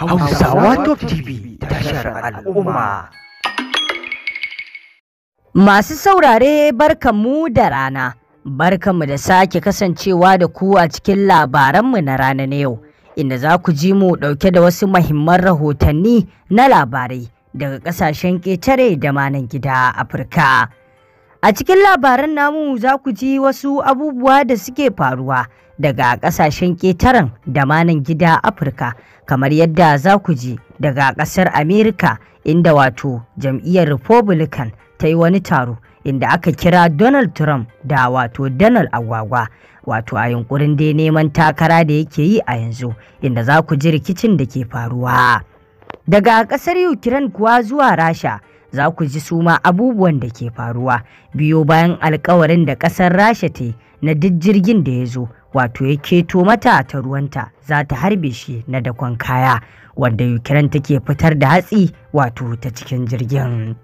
Hausawa Top TV tashar al'umma. Masu saurare barkanmu da rana, barkanmu da sake kasancewa da ku a cikin labaranmu na rana na yau, inda za ku ji mu ɗauke da wasu mahimman rahotanni na labarai daga ƙasashen ƙetare da manan gida Afirka. A cikin labaran namu za ku ji wasu abubuwa da suke faruwa daga kasashen ƙetaren da manan gida Afirka kamar yadda za ku ji daga ƙasar Amerika inda wato jam'iyyar Republican ta yi wani taro inda aka kira Donald Trump da wato Donald Agwagwa wato a yunkurin dai neman takara da yake yi a yanzu inda za ku ji rikicin da ke faruwa. Daga ƙasar Ukraine kuwa zuwa Rasha za ku ji suma abubuwan da ke faruwa biyo bayan alkawarin da ƙasar Rasha ta yi na duk jirgin da ya zo wato ya keto mata ta ruwanta za ta harbe shi na dakon kaya wanda ukraine take fitar da hatsi wato ta cikin jirgin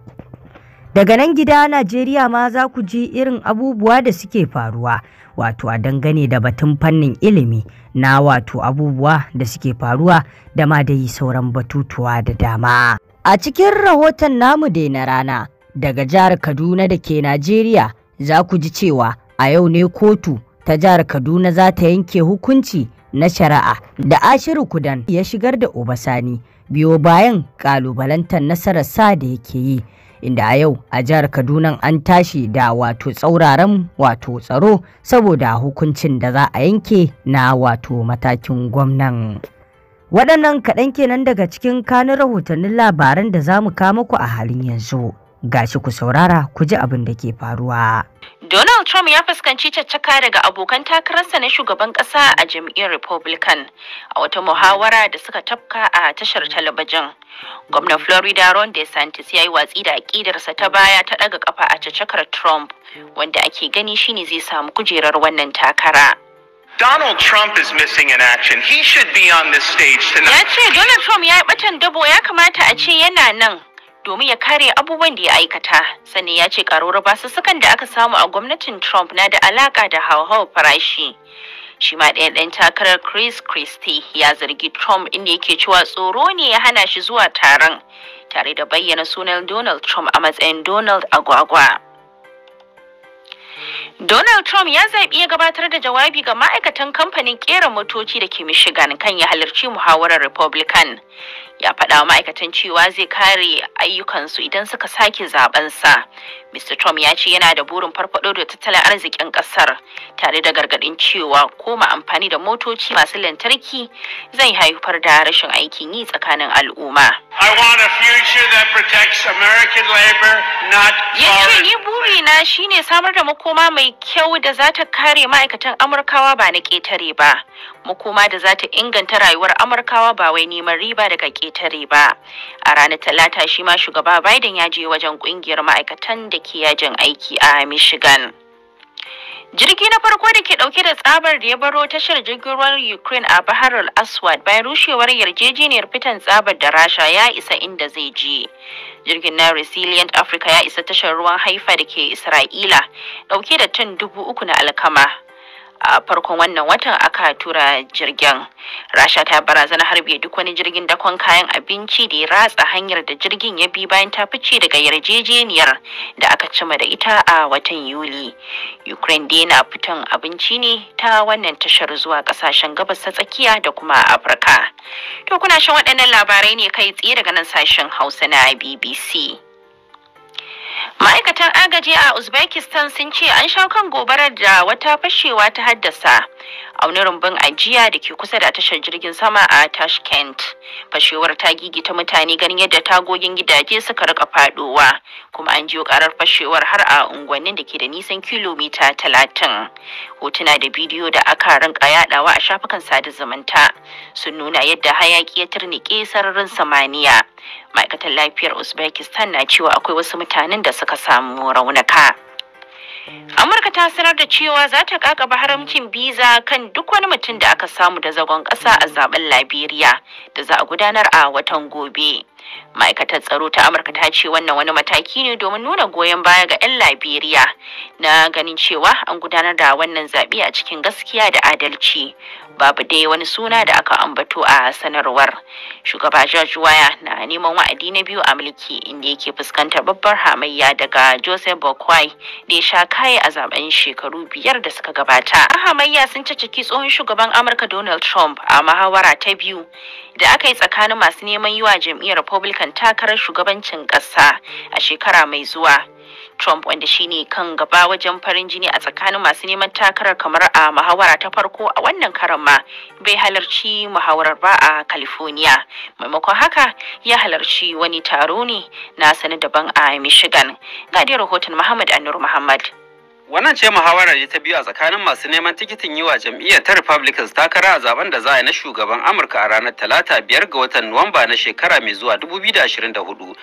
daga nan gida najeriya ma za ku ji irin abubuwa da suke faruwa wato a dangane da batun fannin ilimi na wato abubuwa da suke faruwa da ma dai sauran batutuwa da dama a cikin rahoton namu dai na rana daga jihar kaduna da ke najeriya za ku ji cewa a yau ne kotu ta jihar Kaduna za ta yanke hukunci na shari'a da Ashiru Kudan ya shigar da Obasani biyo bayan kalubalantar nasarar sa da yake yi inda a yau a jihar Kaduna an tashi da wato tsauraran wato tsaro saboda hukuncin da za a yanke na wato matakin gwamnan. Waɗannan kaɗan kenan daga cikin kanun rahotannin labaran da za mu ku a halin yanzu. gashi ku saurara ku ji abin da ke faruwa. Donald Trump ya fuskanci caccaka daga abokan takararsa na shugaban ƙasa a jam'iyyar Republican a wata muhawara da suka tafka a tashar talabijin. Gwamnan Florida Ron DeSantis ya yi watsi da aƙidarsa ta baya ta ɗaga ƙafa a caccakar Trump wanda ake gani shine zai samu kujerar wannan takara. Donald Trump is missing in action. He should be on this stage tonight. Ya ce Donald Trump ya yi ɓatan dabo ya kamata a ce yana nan. domin ya kare abubuwan da ya aikata sannan ya ce karuwar sukan da aka samu a gwamnatin trump na da alaka da hauhau farashi shi ma ɗaya ɗan takarar chris christie ya zargi trump inda yake cewa tsoro ne ya hana shi zuwa taron tare da bayyana sunan donald trump a matsayin donald agwagwa Donald Trump ya zaɓi ya gabatar da jawabi ga ma'aikatan kamfanin ƙera motoci da ke Michigan kan ya halarci muhawarar Republican. ya faɗa wa ma'aikatan cewa zai kare ayyukansu idan suka sake zaben sa mr trump ya ce yana da burin farfaɗo da tattalin arzikin ƙasar tare da gargaɗin cewa koma amfani da motoci masu lantarki zai haifar da rashin aikin yi tsakanin al'umma yace ni burina shine samar da makoma mai kyau da za ta kare ma'aikatan amurkawa ba na ƙetare ba makoma da za ta inganta rayuwar amurkawa ba wai neman riba daga ƙetare ketare ba a ranar talata shi ma shugaba biden ya je wajen kungiyar ma'aikatan da ke yajin aiki a michigan jirgi na farko da ke dauke da tsabar da ya baro tashar jirgin ruwan ukraine a bahar al-aswad bayan rushewar yarjejeniyar fitan tsabar da rasha ya isa inda zai je jirgin na resilient africa ya isa tashar ruwan haifa da ke isra'ila dauke da tun dubu uku na alkama a farkon wannan watan aka tura jirgin rasha ta barazana harbe duk wani jirgin dakon kayan abinci da ya ratsa hanyar da jirgin ya bi bayan ta fice daga yarjejeniyar da aka cima da ita a watan yuli ukraine dai na fitan abinci ne ta wannan tashar zuwa kasashen gabas ta tsakiya da kuma afirka to kuna shan waɗannan labarai ne kai tsaye daga nan sashen hausa na bbc Ma'aikatan agaji a Uzbekistan sun ce an sha kan gobarar da wata fashewa ta haddasa. a wani rumbun ajiya da ke kusa da tashar jirgin sama a Tashkent. Fashewar ta gigita mutane ganin yadda tagogin gidaje suka rika faɗowa, kuma an jiyo karar fashewar har a unguwannin da ke da nisan kilomita talatin. Hotuna da bidiyo da aka rinka yadawa a shafukan sada zumunta sun nuna yadda hayaki ya turnike sararin samaniya. ma'aikatan lafiyar Uzbekistan na cewa akwai wasu mutanen da suka samu raunuka. Amurka ta sanar da cewa za ta kakaba haramcin biza kan duk wani mutum da aka samu da zagon ƙasa a zaben Liberia da za a gudanar a watan gobe. ma'aikatar tsaro ta amurka ta ce wannan wani mataki ne domin nuna goyon baya ga 'yan liberia na ganin cewa an gudanar da wannan zaɓe a cikin gaskiya da adalci babu dai wani suna da aka ambato a sanarwar shugaba george waya na neman wa'adi na biyu a mulki inda yake fuskantar babbar hamayya daga joseph bokwai da ya sha kaye a zaben shekaru biyar da suka gabata a hamayya sun ciki tsohon shugaban amurka donald trump a mahawara ta biyu da aka yi tsakanin masu neman yi wa jam'iyyar Republican takarar shugabancin ƙasa a shekara mai zuwa. Trump wanda shine kan gaba wajen farin jini a tsakanin masu neman takarar kamar a muhawara ta farko a wannan karan ma bai halarci muhawarar ba a California. Maimakon haka ya halarci wani taro ne na sani daban a Michigan. Ga rahoton Muhammad Anur Muhammad. Wannan ce muhawarar ta biyu a tsakanin masu neman tikitin yi wa jam'iyyar ta Republicans takara a zaben da za a yi na shugaban Amurka a ranar Talata biyar ga watan Nuwamba na shekara mai zuwa hudu.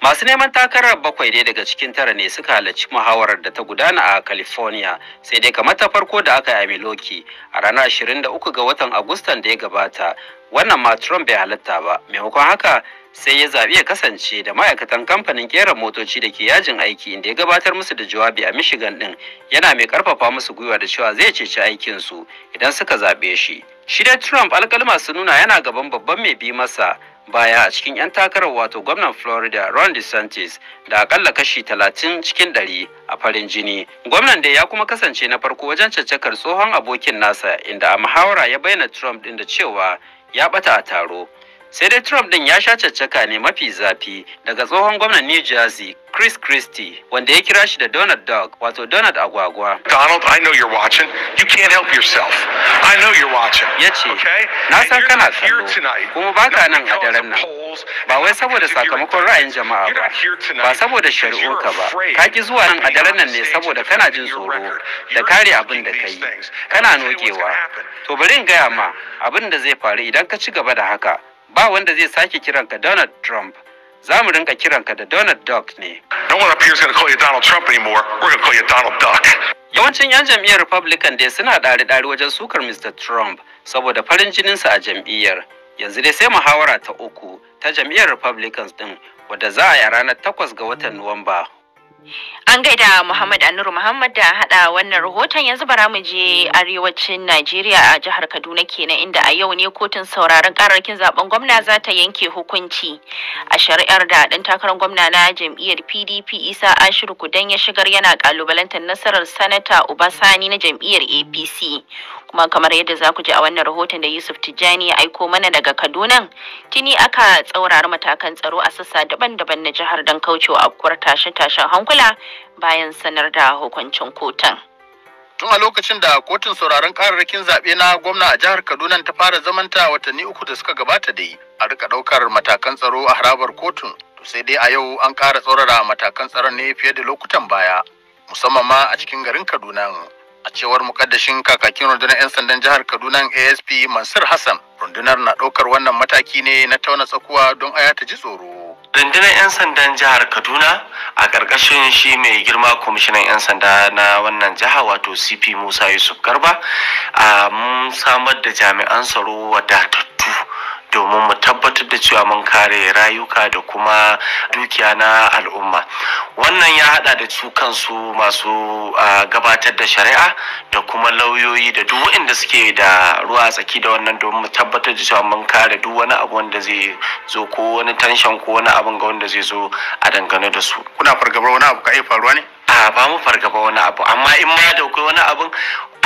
Masu neman takarar bakwai ne daga cikin tara ne suka halarci muhawarar da ta gudana a California sai dai kamar ta farko da aka yi a Milwaukee a ranar da uku ga watan Agustan da ya gabata. Wannan ma Trump bai halatta ba, maimakon haka sai ya zaɓi ya kasance da ma'aikatan kamfanin ƙera motoci da ke yajin aiki inda ya gabatar musu da jawabi a Michigan ɗin yana mai ƙarfafa musu gwiwa da cewa zai ceci aikinsu idan suka zaɓe shi. Shi dai Trump alƙalma su nuna yana gaban babban mai bi masa baya a cikin 'yan takarar wato gwamnan Florida Ron DeSantis da akalla kashi 30 cikin 100 a farin jini. Gwamnan dai ya kuma kasance na farko wajen caccakar tsohon abokin nasa inda a muhawara ya bayyana Trump ɗin da cewa ya ɓata a taro. sai dai trump din ya sha caccaka ne mafi zafi daga tsohon gwamnan new jersey Chris Christie wanda ya kira shi da Donald Duck wato Donald Agwagwa. Donald, I know you're watching. You can't help yourself. I know you're watching. Ya ce, na san kana kallo, kuma ba ka nan a daren nan. Ba wai saboda sakamakon ra'ayin jama'a ba, ba saboda shari'unka ba. Ka ki zuwa nan a daren nan ne saboda kana jin tsoro da kare abin da ka yi. Kana nogewa. To bari in gaya ma abin da zai faru idan ka ci gaba da haka. ba wanda zai sake kiranka Donald Trump. Za mu rinka kiranka da Donald Duck ne. No one Donald Trump anymore. We're going to call Donald Duck. Yawancin 'yan jam'iyyar Republican dai suna ɗari-ɗari wajen sukar Mr. Trump saboda farin jininsa a jam'iyyar. Yanzu dai sai muhawara ta uku ta jam'iyyar Republicans ɗin wadda za a yi ranar 8 ga watan Nuwamba An gaida Muhammad Anuru Muhammad da haɗa wannan rahoton yanzu bara mu je arewacin Najeriya a jihar Kaduna kenan inda a yau ne kotun sauraron kararrakin zaben gwamna za ta yanke hukunci a shari'ar da ɗan takarar gwamna na jam'iyyar PDP Isa Ashiru Kudan ya shigar yana kalubalantar nasarar sanata Ubasani na jam'iyyar APC. kuma kamar yadda za ku ji a wannan rahoton da Yusuf Tijjani ya aiko mana daga Kaduna tuni aka tsaurara matakan tsaro a sassa daban-daban na jihar don kaucewa afkuwar tashe-tashen hankula bayan sanar da hukuncin kotan. tun a lokacin da kotun sauraron kararrakin zaɓe na gwamna a jihar kaduna ta fara zamanta watanni uku da suka gabata da yi a rika ɗaukar matakan tsaro a harabar kotun to sai dai a yau an ƙara tsaurara matakan tsaron ne fiye da lokutan baya musamman ma a cikin garin kaduna a cewar mukaddashin kakakin rundunar 'yan sandan jihar kaduna asp mansur hassan rundunar na ɗaukar wannan mataki ne na tauna tsakuwa don aya ta ji tsoro rundunar 'yan sandan jihar kaduna a ƙarƙashin shi mai girma kwamishinan 'yan sanda na wannan jiha wato cp musa yusuf garba a mun samar da jami'an tsaro wadatattu domin mu tabbatar da cewa mun kare rayuka da kuma dukiya na al'umma wannan ya hada da su kansu masu gabatar da shari'a da kuma lauyoyi da duk inda suke da ruwa tsaki da wannan domin mu tabbatar da cewa mun kare duk wani abu wanda zai zo ko wani tanshan ko wani abin ga wanda zai zo a dangane da su kuna fargabar wani abu ka iya faruwa ne a ba mu fargaba wani abu amma in ma da kai wani abin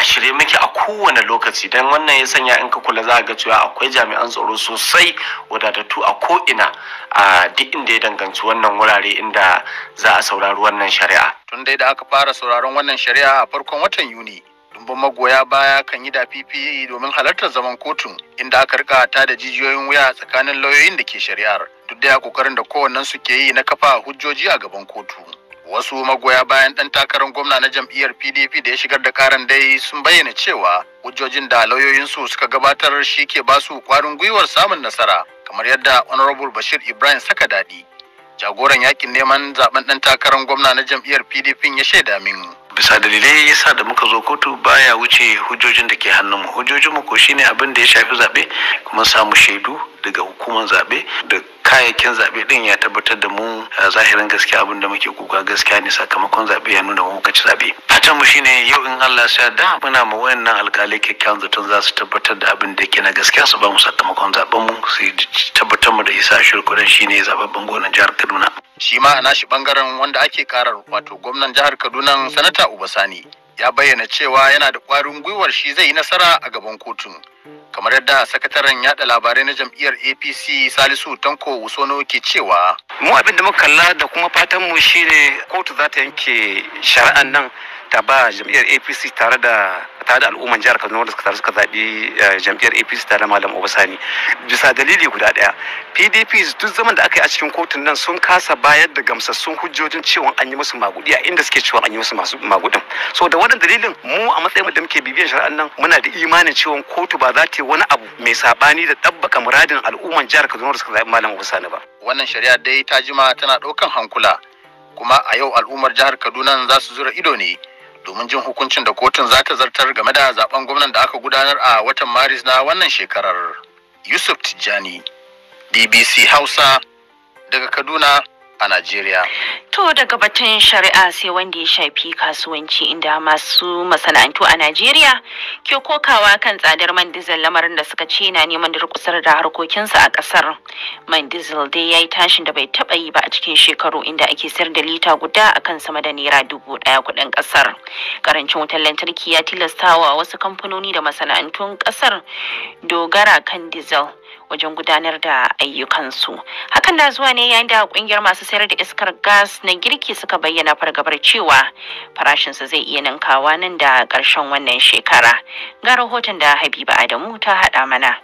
a shirye muke a kowane lokaci don wannan ya sanya in ka kula za ga cewa akwai jami'an tsaro sosai wadatattu a ko'ina a duk inda ya danganci wannan wurare inda za a saurari wannan shari'a tun dai da aka fara sauraron wannan shari'a a farkon watan yuni dumbin magoya baya kan yi da PPE domin halartar zaman kotun inda aka rika ta da jijiyoyin wuya tsakanin lauyoyin da ke shari'ar duk da kokarin da kowannen su ke yi na kafa hujjoji a gaban kotu wasu magoya bayan ɗan takarar gwamna na jam'iyyar pdp da ya shigar da karan dai sun bayyana cewa hujjojin da lauyoyinsu suka gabatar shi ke ba kwarin gwiwar samun nasara kamar yadda honorable bashir ibrahim saka daɗi jagoran yakin neman zaben ɗan takarar gwamna na jam'iyyar pdp ya shaida min bisa dalilai yasa da muka zo kotu baya wuce hujjojin da ke hannunmu hujjojinmu ko shine abin da ya shafi zaɓe kuma samu shaidu daga hukumar zaɓe da kayayyakin zaɓe din ya tabbatar da mu a zahirin gaskiya abin da muke kuka gaskiya ne sakamakon zaɓe ya nuna muka ci zaɓe fatan mu shine yau in Allah ya da muna ma wayannan alƙalai kyakkyawan zaton za su tabbatar da abin da yake na gaskiya su ba mu sakamakon zaɓen mu su tabbatar mu da isa shirkudan shine zababben gonan jihar Kaduna shi ma a nashi bangaren wanda ake karar wato gwamnan jihar Kaduna sanata uba Sani. ya bayyana cewa yana da ƙwarin gwiwar shi zai yi nasara a gaban kotun kamar yadda sakataren yada labarai na jam'iyyar apc salisu tanko wusono ke cewa mu abin da muka kalla da kuma fatan mu shine kotu za ta yanke shari'an nan ta ba jam'iyyar apc tare da ta da al'umman jihar kaduna wanda suka tare suka zaɓi eh, jam'iyyar apc tare da malam obasani bisa dalili guda ɗaya pdp duk zaman da aka yi a cikin kotun nan sun kasa bayar da gamsassun hujjojin cewa an yi musu magudi a inda suke cewa an yi musu masu magudin so da wannan dalilin mu a matsayin da muke bibiyar shari'an nan muna da imanin cewa kotu ba za ta yi wani abu mai saɓani da ɗabbaka muradin al'umman jihar kaduna da suka zaɓi malam obasani ba wannan shari'a dai ta jima tana ɗaukan hankula kuma a yau al'ummar jihar kaduna za su zura ido ne domin jin hukuncin da kotun za ta zartar game da zaben gwamnan da aka gudanar a watan maris na wannan shekarar yusuf tijjani BBC hausa daga kaduna a Najeriya. To daga batun shari'a sai wanda ya shafi kasuwanci inda masu masana'antu a Najeriya ke kokawa kan tsadar man diesel lamarin da suka ce na neman durƙusar da harkokinsa a ƙasar. Man diesel dai ya yi tashin da bai taɓa yi ba a cikin shekaru inda ake sayar da lita guda a kan sama da naira dubu ɗaya kuɗin ƙasar. Karancin wutar lantarki ya tilastawa wasu kamfanoni da masana'antun ƙasar dogara kan diesel. wajen gudanar da ayyukansu. Hakan na zuwa ne yayin da kungiyar masu sayar da iskar gas na girki suka bayyana fargabar cewa farashinsa zai iya ninkawa nan da ƙarshen wannan shekara. Ga rahoton da Habiba Adamu ta haɗa mana.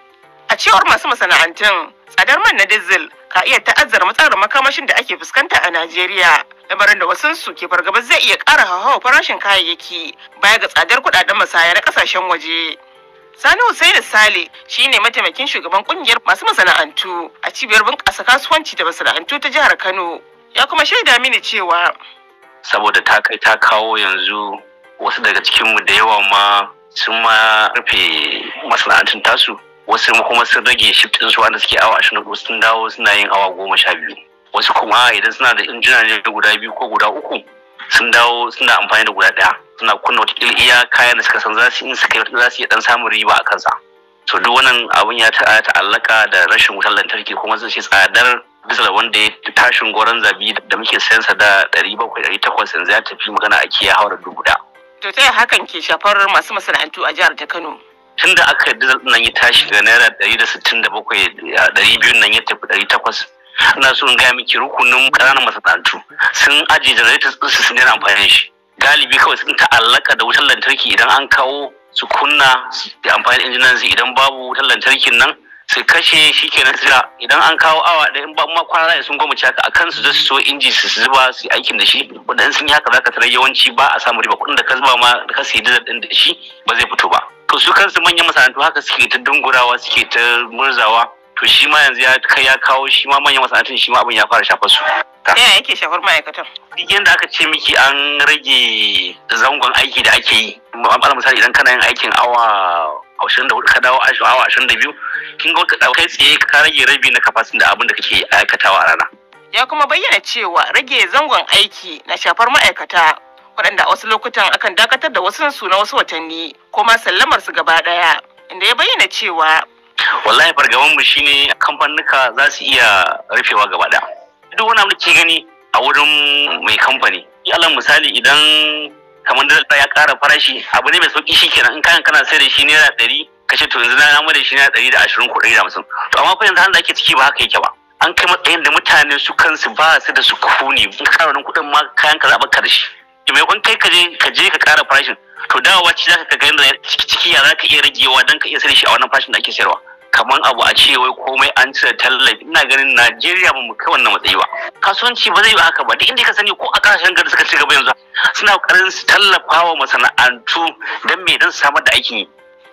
A cewar masu masana'antun, tsadar man na dizil ka iya ta'azzara matsalar makamashin da ake fuskanta a Najeriya. Lamarin da wasu su ke fargaba zai iya ƙara hauhawar farashin kayayyaki baya ga tsadar kuɗaɗen masaya na ƙasashen waje. Sani Hussaini Sale shi ne mataimakin shugaban kungiyar masu masana'antu a cibiyar bunƙasa kasuwanci da masana'antu ta jihar Kano. Ya kuma shaida mini cewa saboda ta kai ta kawo yanzu wasu daga cikinmu da yawa ma sun ma rufe masana'antun tasu wasu kuma sun rage shiftin su wanda suke awa ashirin sun dawo suna yin awa goma sha biyu wasu kuma idan suna da injina ne guda biyu ko guda uku sun dawo suna amfani da guda ɗaya suna kunna wata iya kayan da suka san zasu in suka yi zasu iya dan samun riba a kansa to duk wannan abun ya ta'allaka da rashin wutar lantarki kuma zai ce tsadar bisa wanda ya tashin goron zabi da muke sayansa da ɗari bakwai ɗari takwas yanzu ya tafi magana a kiya haura dubu da. to ta hakan ke shafar masu masana'antu a jihar ta kano. tunda aka yi nan ya tashi ga naira ɗari da sittin da bakwai ɗari biyu nan ya tafi ɗari takwas ana so in gaya miki rukunin ƙananan masana'antu sun ajiye janareto su sun yana amfani da shi galibi kawai sun ta'allaka da wutar lantarki idan an kawo su kunna da amfani injinan su idan babu wutar lantarkin nan su kashe shi kenan jira. idan an kawo awa ɗaya in ba ma kwana ra'ayi sun gwamnati haka a kan su su so inji su zuba su yi aikin da shi wanda in sun yi haka zaka tarar yawanci ba a samu riba kuɗin da ka zuba ma da ka sayi dizar ɗin da shi ba zai fito ba to su kansu manyan masana'antu haka suke ta dungurawa suke ta murzawa to shi ma yanzu ya kai ya kawo shi ma manyan masana'antun shi ma abin ya fara shafar su ta yaya yake shafar ma'aikatan duk yadda aka ce miki an rage zangon aiki da ake yi alal misali idan kana yin aikin awa ashirin da hudu ka dawo awa ashirin da biyu kin ga kai tsaye ka rage rabi na kafasin da abin da kake aikatawa a rana ya kuma bayyana cewa rage zangon aiki na shafar ma'aikata waɗanda a wasu lokutan akan dakatar da wasu su na wasu watanni ko ma sallamar su gaba ɗaya inda ya bayyana cewa wallahi fargaban mu shine kamfanuka za su iya rufewa gaba daya duk wani abu da ke gani a wurin mai kamfani yalan misali idan kamar da ya ƙara farashi abu ne mai sauki shikenan in kayan kana sai da shi naira ɗari kashe to yanzu na namu da shi naira ɗari da ashirin ko ɗari da hamsin to amma fa yanzu hannu ake ciki ba haka yake ba an kai matsayin da mutane su kansu ba su da su ne in kara wani kuɗin ma kayan ka zaɓa karshe to mai kun kai ka je ka je ka ƙara farashin to dawowa ci za ka ga yanzu ciki ciki ya ka iya ragewa dan ka iya sai da shi a wannan farashin da ake sayarwa kamar abu a ce wai komai an cire tallafi ina ganin Najeriya ba mu kai wannan matsayi ba kasuwanci ba zai yi haka ba duk inda ka sani ko a kasashen garin suka ci gaba yanzu suna ƙoƙarin su tallafa wa masana'antu don me don samar da aikin yi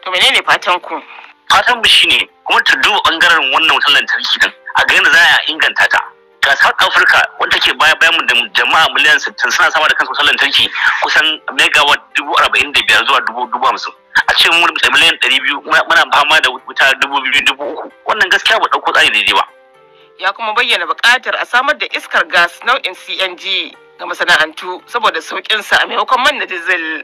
to menene fatan ku fatan mu shine kuma ta duba bangaren wannan wutar lantarki din a ga da za a inganta ta ga South Afirka wanda ke baya bayan da jama'a miliyan 60 suna samar da kansu wutar lantarki kusan megawatt dubu arba'in da biyar zuwa dubu dubu hamsin a ce mun da miliyan ɗari biyu muna fama da wuta dubu biyu dubu uku wannan gaskiya ba ɗauko tsari daidai ba. Ya kuma bayyana buƙatar a samar da iskar gas nau'in CNG ga masana'antu saboda sauƙinsa a maimakon man na dizil.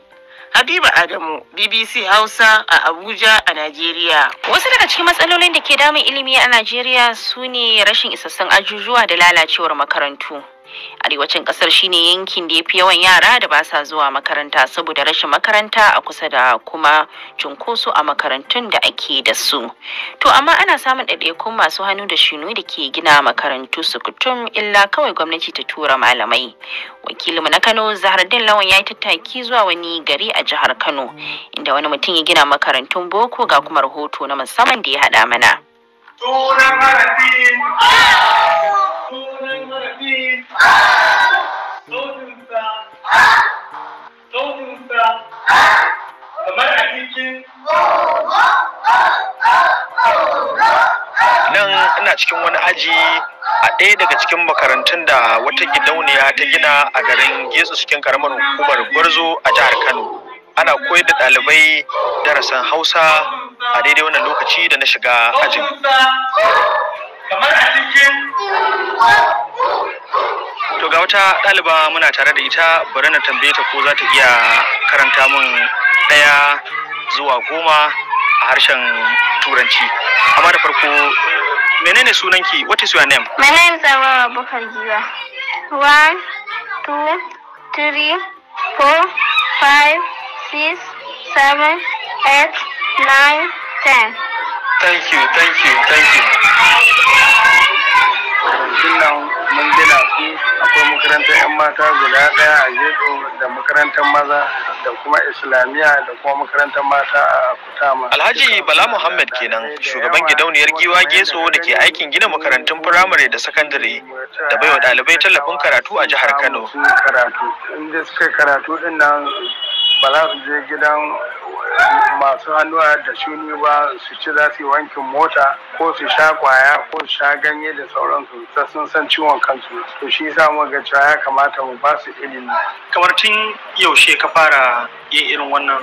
Habiba Adamu, BBC Hausa a Abuja a Najeriya. Wasu daga cikin matsalolin da ke damun ilimi a Najeriya su ne rashin isassun ajujuwa da lalacewar makarantu. arewacin kasar shine yankin da ya fi yawan yara da ba sa zuwa makaranta saboda rashin makaranta a kusa da kuma cunkoso a makarantun da ake da su to amma ana samun ɗaiɗaikun masu hannu da shinu da ke gina makarantu su kutum illa kawai gwamnati ta tura malamai wakilinmu na kano zahardin lawan ya yi tattaki zuwa wani gari a jihar kano inda wani mutum ya gina makarantun boko ga kuma rahoto na musamman da ya haɗa mana. kamar a cikin nan ina cikin wani aji a ɗaya daga cikin makarantun da wata gidauniya ta gina a garin getsu cikin karamar hukumar gwarzo a jihar kano ana koyar da ɗalibai darasin hausa a daidai wannan lokaci da na shiga ajin kamar a cikin to ga wata ɗaliba muna tare da ita bari na tambaye ta ko za ta iya karanta min ɗaya zuwa goma a harshen turanci amma da farko menene sunanki what is your name my name is Abawa Bukar Jiwa. one two three four five six seven eight nine ten thank you thank you thank you makarantun nan mun gina su akwai makarantar 'yan mata guda ɗaya a gedo da makarantar maza da kuma islamiyya da kuma makarantar mata a kutama. Alhaji Bala Muhammad kenan shugaban gidauniyar giwa geso da ke aikin gina makarantun firamare da sakandare da baiwa ɗalibai tallafin karatu a jihar Kano. Karatu, suka karatu nan ba su je gidan masu hannuwa da shuni ba su ci za su yi wankin mota ko su sha kwaya ko su sha ganye da sauransu ta sun san ciwon kansu to shi yasa ga cewa ya kamata mu ba su ilimi kamar tun yaushe ka fara yin irin wannan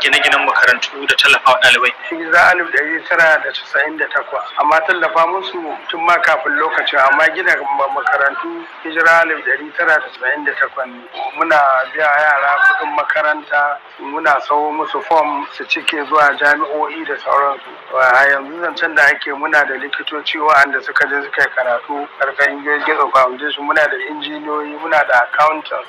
gine-ginen makarantu da tallafawa ɗalibai. Za alif ɗari tara da tasa'in da takwas amma tallafa musu tun ma kafin lokacin amma gina makarantu hijira alif ɗari tara da tasa'in da takwas ne. Muna biya yara kuɗin makaranta muna sau musu fom su cike zuwa jami'o'i da sauransu. A yanzu zancen da ake muna da likitoci wa'anda suka je suka karatu karkashin gizo foundation muna da injiniyoyi muna da accountants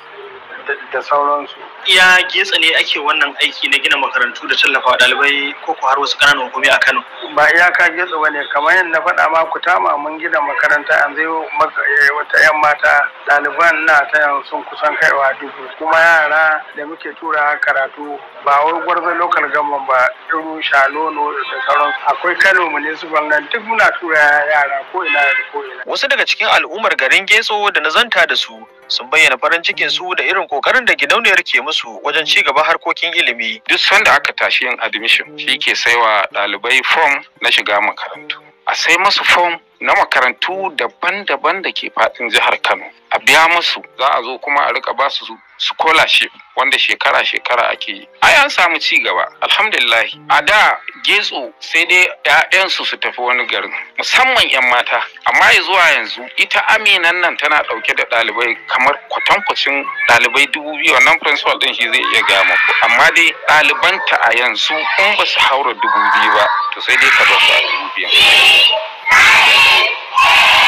da sauransu iya getsa ne ake wannan aiki na gina makarantu da tallafawa ɗalibai ko ko har wasu ƙananan hukumi a Kano ba iyaka getsa bane kamar yadda na faɗa ma ku tama mun gina makaranta an zai eh, wata yan mata ɗaliban na ta sun kusan kaiwa dubu kuma yara da muke tura karatu ba wai gwarzon lokal gama ba irin shalono da sauransu akwai Kano municipal nan duk muna tura yara ko ina da ko ina wasu daga cikin al'ummar garin Getso da na zanta da su sun bayyana farin cikin su da irin kokarin da gidauniyar ke musu wajen ci gaba harkokin ilimi. Duk sanda aka tashi yin admission shi ke saiwa ɗalibai fom na shiga makarantu. A sai masu fom na makarantu daban-daban da ke faɗin jihar Kano. A biya musu za a zo kuma a rika ba su scholarship wanda shekara-shekara ake yi. Ai an samu ci gaba, alhamdulillahi. A da getso sai dai 'ya'yansu su tafi wani garin, musamman 'yan mata. Amma ya zuwa yanzu ita aminan nan tana ɗauke da ɗalibai kamar kwatankwacin ɗalibai dubu biyu wannan principal ɗin shi zai iya gama. Amma dai ɗalibanta a yanzu in ba su haura dubu biyu ba, to sai dai ka ba su dubu biyu. Aí,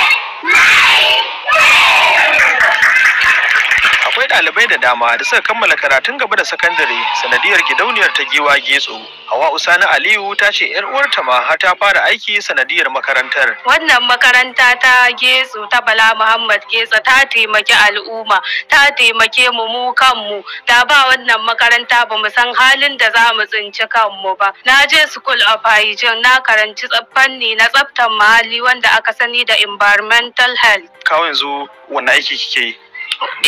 ɗalibai da dama da suka kammala karatun gaba da sakandare sanadiyar gidauniyar ta giwa getso hawa usani aliyu ta ce yar uwarta ma har ta fara aiki sanadiyar makarantar wannan makaranta ta getso ta bala muhammad getso ta taimaki al'umma ta taimake mu mu kanmu da ba wannan makaranta ba mu san halin da za mu tsinci kanmu ba na je school of hygiene na karanci fanni na tsaftan muhalli wanda aka sani da environmental health kawai yanzu wani aiki kike yi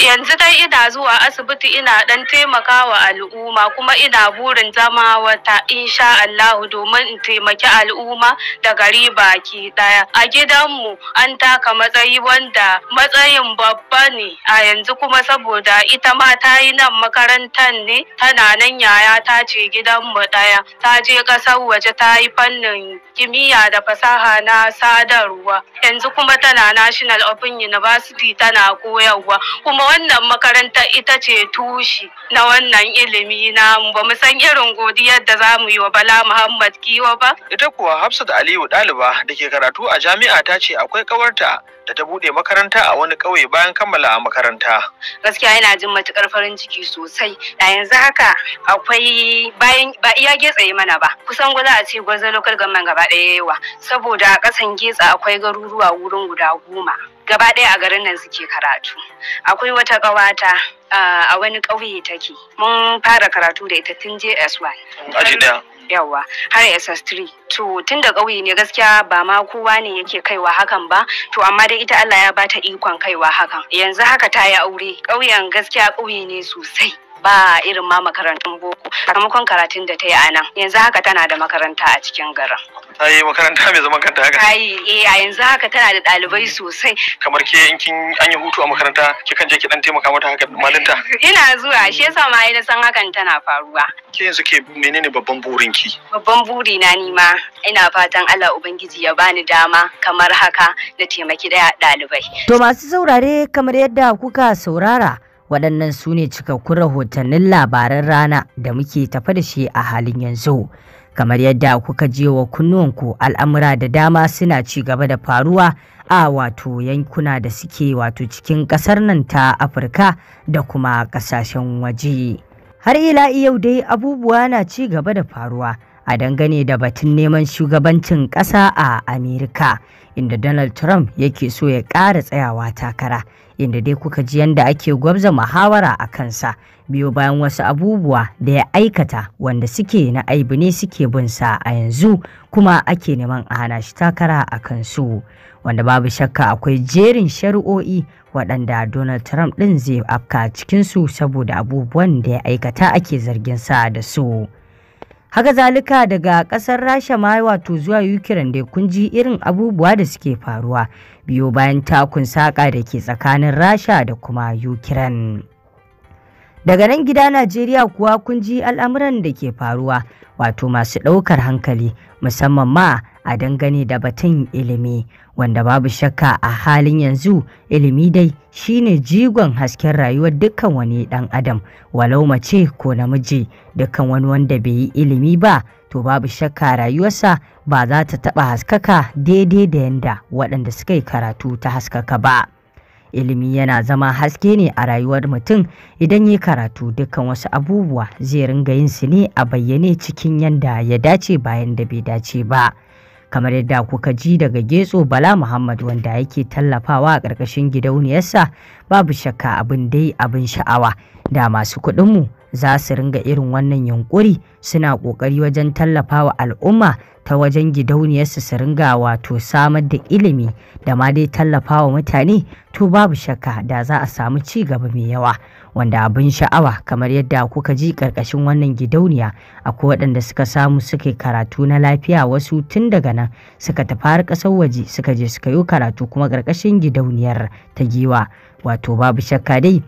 yanzu dai ina zuwa asibiti ina dan taimakawa al'umma kuma ina burin zama wata insha Allah domin in taimaki al'umma da gari baki daya a gidanmu an taka matsayi wanda matsayin babba ne a yanzu kuma saboda ita ma ta yi nan makarantar ne tana nan yaya ta ce gidanmu daya ta je kasar waje ta yi fannin kimiyya da fasaha na sadarwa yanzu kuma tana national open university tana koyarwa kuma wannan makaranta ita ce tushi na wannan ilimi namu ba mu san irin godiyar da za mu yi wa Bala Muhammad Kiwo ba. Ita kuwa Hafsat Aliyu ɗaliba da ke karatu a jami'a ta ce akwai kawarta da ta buɗe makaranta a wani ƙauye bayan kammala a makaranta. Gaskiya yana jin matuƙar farin ciki sosai. Da yanzu haka akwai bayan ba iya getsaye mana ba. Kusan gwaza a ce gwaza lokal gaman gaba ɗaya yawa. Saboda a ƙasan getsa akwai garuruwa wurin guda goma. gaba ɗaya a garin nan suke karatu akwai wata ƙawata ah, a wani ƙauye take mun fara karatu da ita tun js1 yawa har ss3 to tun da ƙauye ne gaskiya ba ma kowa ne yake kaiwa hakan ba to amma dai ita allah ya bata ikon kaiwa hakan yanzu haka ta yi aure ƙauyen gaskiya ƙauye ne sosai ba irin ma makarantun boko sakamakon karatun da ta yi a nan yanzu haka tana da makaranta a cikin garin ta yi makaranta mai zaman kanta haka ta yi eh, a yanzu haka tana da ɗalibai mm. sosai kamar ke in kin an yi hutu a makaranta kikan je ki dan taimaka mata haka malinta ina zuwa shi yasa ma ina san hakan tana faruwa ke yanzu ke menene babban burin ki babban buri na ni ma ina fatan Allah ubangiji ya bani dama kamar haka na taimaki daya ɗalibai to masu saurare kamar yadda kuka saurara waɗannan su ne cikakkun rahotannin labaran rana da muke tafa da shi a halin yanzu kamar yadda kuka je wa kunnuwanku al'amura da dama suna ci gaba da faruwa a wato yankuna da suke wato cikin ƙasar nan ta afirka da kuma ƙasashen waje har ila yau dai abubuwa na ci gaba da faruwa a dangane da batun neman shugabancin ƙasa a Amerika inda Donald Trump yake so ya ƙara tsayawa takara inda dai kuka ji yadda ake gwabza muhawara a kansa biyo bayan wasu abubuwa da ya aikata wanda suke na aibu ne suke bin sa a yanzu kuma ake neman a hana shi takara a kansu wanda babu shakka akwai jerin shari'o'i waɗanda Donald Trump ɗin zai afka cikinsu saboda abubuwan da ya aikata ake zargin sa da su. haka zalika daga kasar rasha ma wato zuwa ukraine da kun ji irin abubuwa da suke faruwa biyo bayan takun saka da ke tsakanin rasha da kuma ukraine Daga nan gida Najeriya kuwa kun ji al'amuran da ke faruwa wato masu ɗaukar hankali musamman ma a dangane da batun ilimi wanda babu shakka a halin yanzu ilimi dai shine jigon hasken rayuwar dukkan wani ɗan adam walau mace ko namiji dukkan wani wanda bai yi ilimi ba to babu shakka rayuwarsa ba za ta taɓa haskaka daidai da yanda waɗanda suka yi karatu ta haskaka ba. ilimi yana zama haske ne a rayuwar mutum idan ya karatu dukkan wasu abubuwa zai ringa yin su ne a bayyane cikin yanda ya dace bayan da bai dace ba kamar yadda kuka ji daga getso bala muhammad wanda yake tallafawa a ƙarƙashin gidauniyarsa babu shakka abin dai abin sha'awa da masu kuɗinmu za su ringa irin wannan yunkuri suna ƙoƙari wajen tallafawa al'umma ta wajen gidauniyarsa su ringa wato samar da ilimi da ma dai tallafawa mutane to babu shakka da za a samu ci gaba mai yawa wanda abin sha'awa kamar yadda kuka ji karkashin wannan gidauniya akwai waɗanda suka samu suka karatu na lafiya wasu tun daga nan suka tafi har ƙasar waje suka je suka yi karatu kuma karkashin gidauniyar ta giwa wato babu shakka dai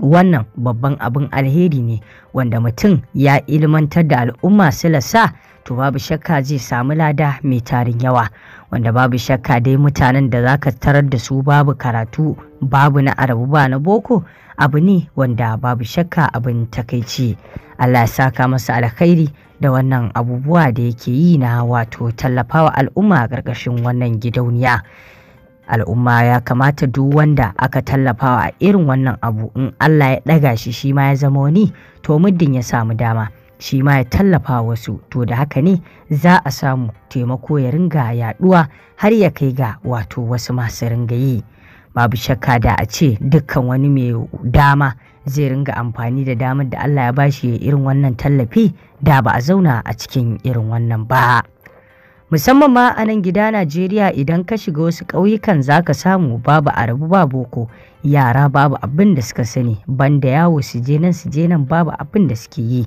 wannan babban abin alheri ne wanda mutum ya ilmantar da al'umma su lasa to babu shakka zai samu lada mai tarin yawa wanda babu shakka dai mutanen da za ka tarar da su babu karatu babu na arabu ba na boko abu ne wanda babu shakka abin takaici allah ya saka masa alkhairi da wannan abubuwa da yake yi na wato tallafawa al'umma a ƙarƙashin wannan gidauniya al'umma ya kamata duk wanda aka tallafawa a irin wannan abu in allah ya ɗaga shi shi ma ya zama wani to muddin ya samu dama shi ma ya tallafa wasu to da haka ne za a samu taimako ya ringa yaduwa har ya kai ga wato wasu masu ringayi. babu shakka da a ce dukkan wani mai dama zai ringa amfani da damar da Allah ya bashi irin wannan tallafi da ba a zauna a cikin irin wannan ba. musamman ma a nan gida Najeriya idan ka shiga wasu ƙauyukan za ka samu babu arabu ba boko yara babu abin da suka sani banda yawo su je nan su je nan babu abin da suke yi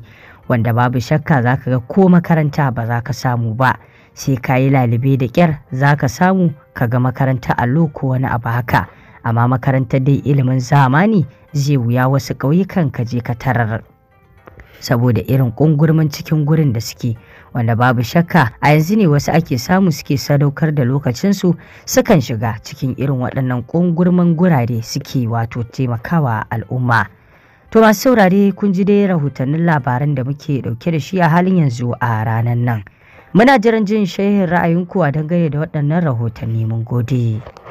wanda babu shakka za ka ga ko makaranta ba za ka samu ba sai ka yi lalibe da ƙyar za ka samu ka ga makaranta allo ko wani abu haka amma makarantar dai ilimin zamani zai wuya wasu ƙauyukan ka je ka tarar saboda irin ƙungurmin cikin gurin da suke wanda babu shakka a yanzu ne wasu ake samu suke sadaukar da lokacinsu sukan shiga cikin irin waɗannan ƙungurmin gurare suke wato taimakawa al'umma. To masu saurare kun ji dai rahotannin labaran da muke dauke da shi a halin yanzu a ranar nan. Muna jiran jin shehin ra'ayinku a dangane da waɗannan rahotanni mun gode.